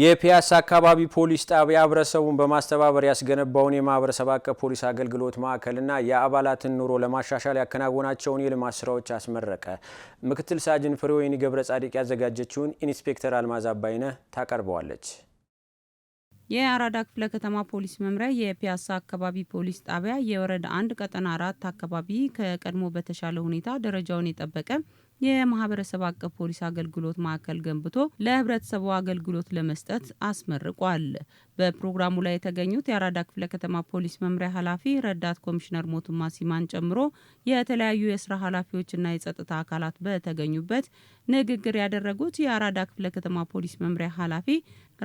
የፒያሳ አካባቢ ፖሊስ ጣቢያ ህብረተሰቡን በማስተባበር ያስገነባውን የማህበረሰብ አቀፍ ፖሊስ አገልግሎት ማዕከልና የአባላትን ኑሮ ለማሻሻል ያከናወናቸውን የልማት ስራዎች አስመረቀ። ምክትል ሳጅን ፍሬወይኒ ገብረ ጻዲቅ ያዘጋጀችውን ኢንስፔክተር አልማዝ አባይነ ታቀርበዋለች። የአራዳ ክፍለ ከተማ ፖሊስ መምሪያ የፒያሳ አካባቢ ፖሊስ ጣቢያ የወረዳ አንድ ቀጠና አራት አካባቢ ከቀድሞ በተሻለ ሁኔታ ደረጃውን የጠበቀ የማህበረሰብ አቀፍ ፖሊስ አገልግሎት ማዕከል ገንብቶ ለህብረተሰቡ አገልግሎት ለመስጠት አስመርቋል። በፕሮግራሙ ላይ የተገኙት የአራዳ ክፍለ ከተማ ፖሊስ መምሪያ ኃላፊ ረዳት ኮሚሽነር ሞቱማ ሲማን ጨምሮ የተለያዩ የስራ ኃላፊዎችና የጸጥታ አካላት በተገኙበት ንግግር ያደረጉት የአራዳ ክፍለ ከተማ ፖሊስ መምሪያ ኃላፊ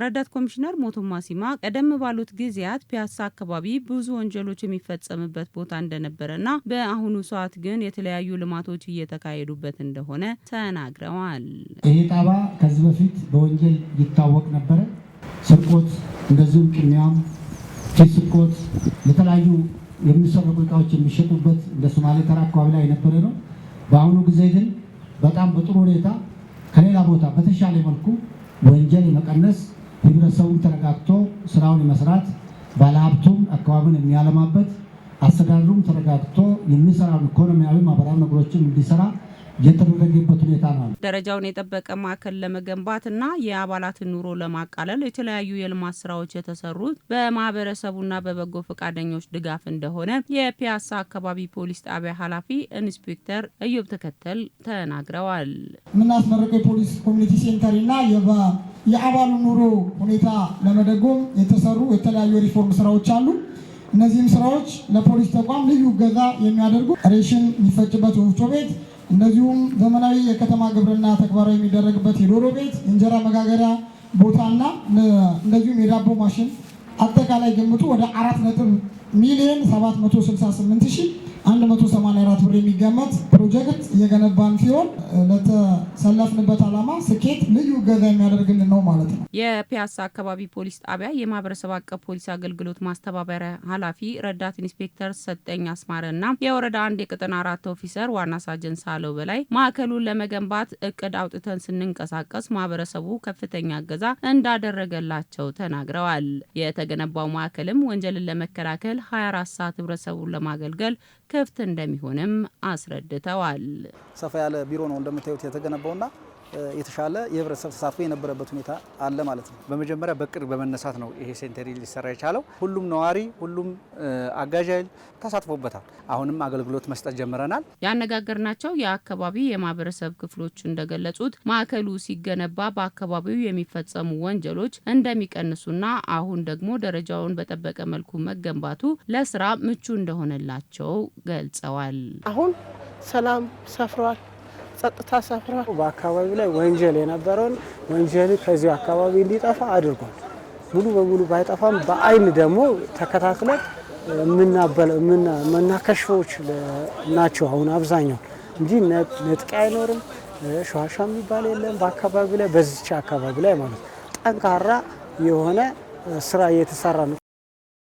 ረዳት ኮሚሽነር ሞቱማ ሲማ ቀደም ባሉት ጊዜያት ፒያሳ አካባቢ ብዙ ወንጀሎች የሚፈጸምበት ቦታ እንደነበረና በአሁኑ ሰዓት ግን የተለያዩ ልማቶች እየተካሄዱበት እንደሆነ ተናግረዋል። ይህ ጣባ ከዚህ በፊት በወንጀል ይታወቅ ነበረ። ስርቆት፣ እንደዚሁም ቅሚያም፣ ፊት ስርቆት፣ የተለያዩ የሚሰረቁ እቃዎች የሚሸጡበት እንደ ሶማሌ ተራ አካባቢ ላይ የነበረ ነው። በአሁኑ ጊዜ ግን በጣም በጥሩ ሁኔታ ከሌላ ቦታ በተሻለ መልኩ ወንጀል የመቀነስ ህብረተሰቡን ተረጋግቶ ስራውን የመስራት ባለሀብቱም አካባቢውን የሚያለማበት አስተዳደሩም ተረጋግቶ የሚሰራውን ኢኮኖሚያዊ ማህበራዊ ነገሮችን እንዲሰራ የተደረገበት ሁኔታ ነው። ደረጃውን የጠበቀ ማዕከል ለመገንባትና የአባላትን ኑሮ ለማቃለል የተለያዩ የልማት ስራዎች የተሰሩት በማህበረሰቡና በበጎ ፈቃደኞች ድጋፍ እንደሆነ የፒያሳ አካባቢ ፖሊስ ጣቢያ ኃላፊ ኢንስፔክተር እዮብ ተከተል ተናግረዋል። የምናስመረቀው የፖሊስ ኮሚኒቲ ሴንተርና የአባሉ ኑሮ ሁኔታ ለመደጎም የተሰሩ የተለያዩ የሪፎርም ስራዎች አሉ። እነዚህም ስራዎች ለፖሊስ ተቋም ልዩ እገዛ የሚያደርጉ ሬሽን የሚፈጭበት ወፍጮ ቤት እንደዚሁም ዘመናዊ የከተማ ግብርና ተግባራዊ የሚደረግበት የዶሮ ቤት፣ እንጀራ መጋገሪያ ቦታና እንደዚሁም የዳቦ ማሽን አጠቃላይ ገምቱ ወደ አራት ነጥብ ሚሊዮን ሰባት መቶ ስልሳ ስምንት ሺህ 184 ብር የሚገመት ፕሮጀክት እየገነባን ሲሆን ለተሰለፍንበት ዓላማ ስኬት ልዩ ገዛ የሚያደርግልን ነው ማለት ነው። የፒያሳ አካባቢ ፖሊስ ጣቢያ የማህበረሰብ አቀፍ ፖሊስ አገልግሎት ማስተባበሪያ ኃላፊ ረዳት ኢንስፔክተር ሰጠኝ አስማረ እና የወረዳ አንድ የቅጥን አራት ኦፊሰር ዋና ሳጅን ሳለው በላይ ማዕከሉን ለመገንባት እቅድ አውጥተን ስንንቀሳቀስ ማህበረሰቡ ከፍተኛ እገዛ እንዳደረገላቸው ተናግረዋል። የተገነባው ማዕከልም ወንጀልን ለመከላከል 24 ሰዓት ህብረተሰቡን ለማገልገል ክፍት እንደሚሆንም አስረድተዋል። ሰፋ ያለ ቢሮ ነው እንደምታዩት የተገነባውና የተሻለ የህብረተሰብ ተሳትፎ የነበረበት ሁኔታ አለ ማለት ነው። በመጀመሪያ በቅር በመነሳት ነው ይሄ ሴንተሪ ሊሰራ የቻለው። ሁሉም ነዋሪ፣ ሁሉም አጋዥ ኃይል ተሳትፎበታል። አሁንም አገልግሎት መስጠት ጀምረናል። ያነጋገርናቸው የአካባቢ የማህበረሰብ ክፍሎች እንደገለጹት ማዕከሉ ሲገነባ በአካባቢው የሚፈጸሙ ወንጀሎች እንደሚቀንሱና አሁን ደግሞ ደረጃውን በጠበቀ መልኩ መገንባቱ ለስራ ምቹ እንደሆነላቸው ገልጸዋል። አሁን ሰላም ሰፍሯል። ጸጥታ ሰፍራ በአካባቢው ላይ ወንጀል የነበረውን ወንጀል ከዚሁ አካባቢ እንዲጠፋ አድርጓል። ሙሉ በሙሉ ባይጠፋም በአይን ደግሞ ተከታትለን መናከሻዎች ናቸው አሁን አብዛኛው እንጂ ነጥቂ አይኖርም። ሸዋሻ የሚባል የለም በአካባቢ ላይ በዚች አካባቢ ላይ ማለት ጠንካራ የሆነ ስራ እየተሰራ ነው።